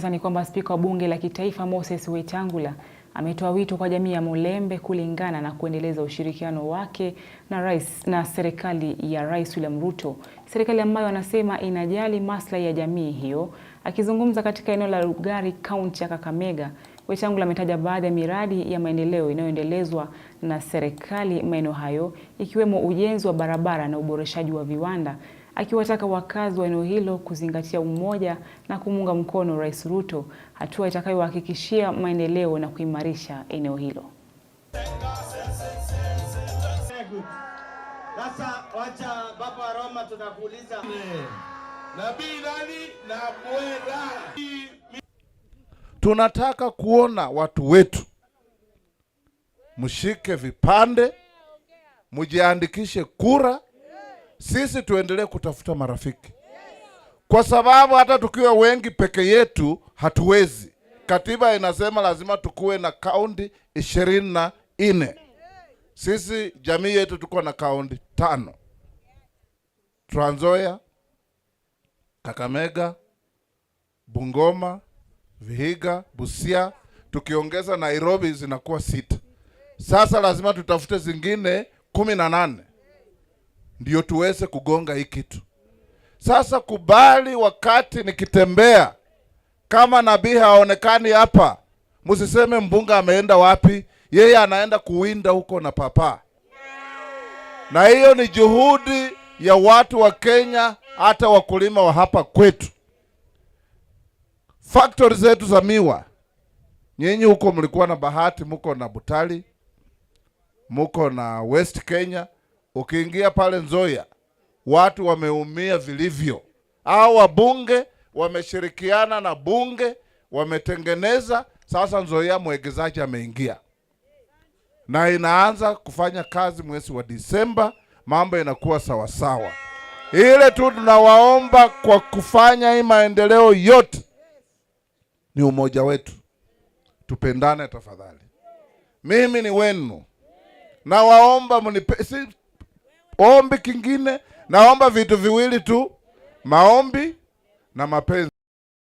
Sasa ni kwamba Spika wa Bunge la Kitaifa Moses Wetangula ametoa wito kwa jamii ya Mulembe kulingana na kuendeleza ushirikiano wake na rais, na serikali ya Rais William Ruto, serikali ambayo anasema inajali maslahi ya jamii hiyo. Akizungumza katika eneo la Lugari, kaunti ya Kakamega, Wetangula ametaja baadhi ya miradi ya maendeleo inayoendelezwa na serikali maeneo hayo, ikiwemo ujenzi wa barabara na uboreshaji wa viwanda akiwataka wakazi wa eneo hilo kuzingatia umoja na kumuunga mkono Rais Ruto, hatua itakayohakikishia maendeleo na kuimarisha eneo hilo. Sasa wacha baba Roma tunakuuliza. Nabii nani na kwenda? Tunataka kuona watu wetu mshike vipande, mjiandikishe kura sisi tuendelee kutafuta marafiki, kwa sababu hata tukiwa wengi peke yetu hatuwezi. Katiba inasema lazima tukuwe na kaunti ishirini na nne. Sisi jamii yetu tuko na kaunti tano: Trans Nzoia, Kakamega, Bungoma, Vihiga, Busia, tukiongeza Nairobi zinakuwa sita. Sasa lazima tutafute zingine kumi na nane ndio tuweze kugonga hii kitu. Sasa kubali, wakati nikitembea kama nabii haonekani hapa, msiseme mbunga ameenda wapi, yeye anaenda kuwinda huko na papa. Na hiyo ni juhudi ya watu wa Kenya, hata wakulima wa hapa kwetu, factory zetu za miwa. Nyinyi huko mlikuwa na bahati, muko na Butali, muko na West Kenya Ukiingia pale Nzoia watu wameumia vilivyo. Hao wabunge wameshirikiana na bunge wametengeneza sasa. Nzoia mwegezaji ameingia na inaanza kufanya kazi mwezi wa Disemba, mambo inakuwa sawasawa. Ile tu tunawaomba kwa kufanya hii maendeleo yote ni umoja wetu, tupendane tafadhali. Mimi ni wenu, nawaomba mnipe Ombi kingine, naomba vitu viwili tu, maombi na mapenzi.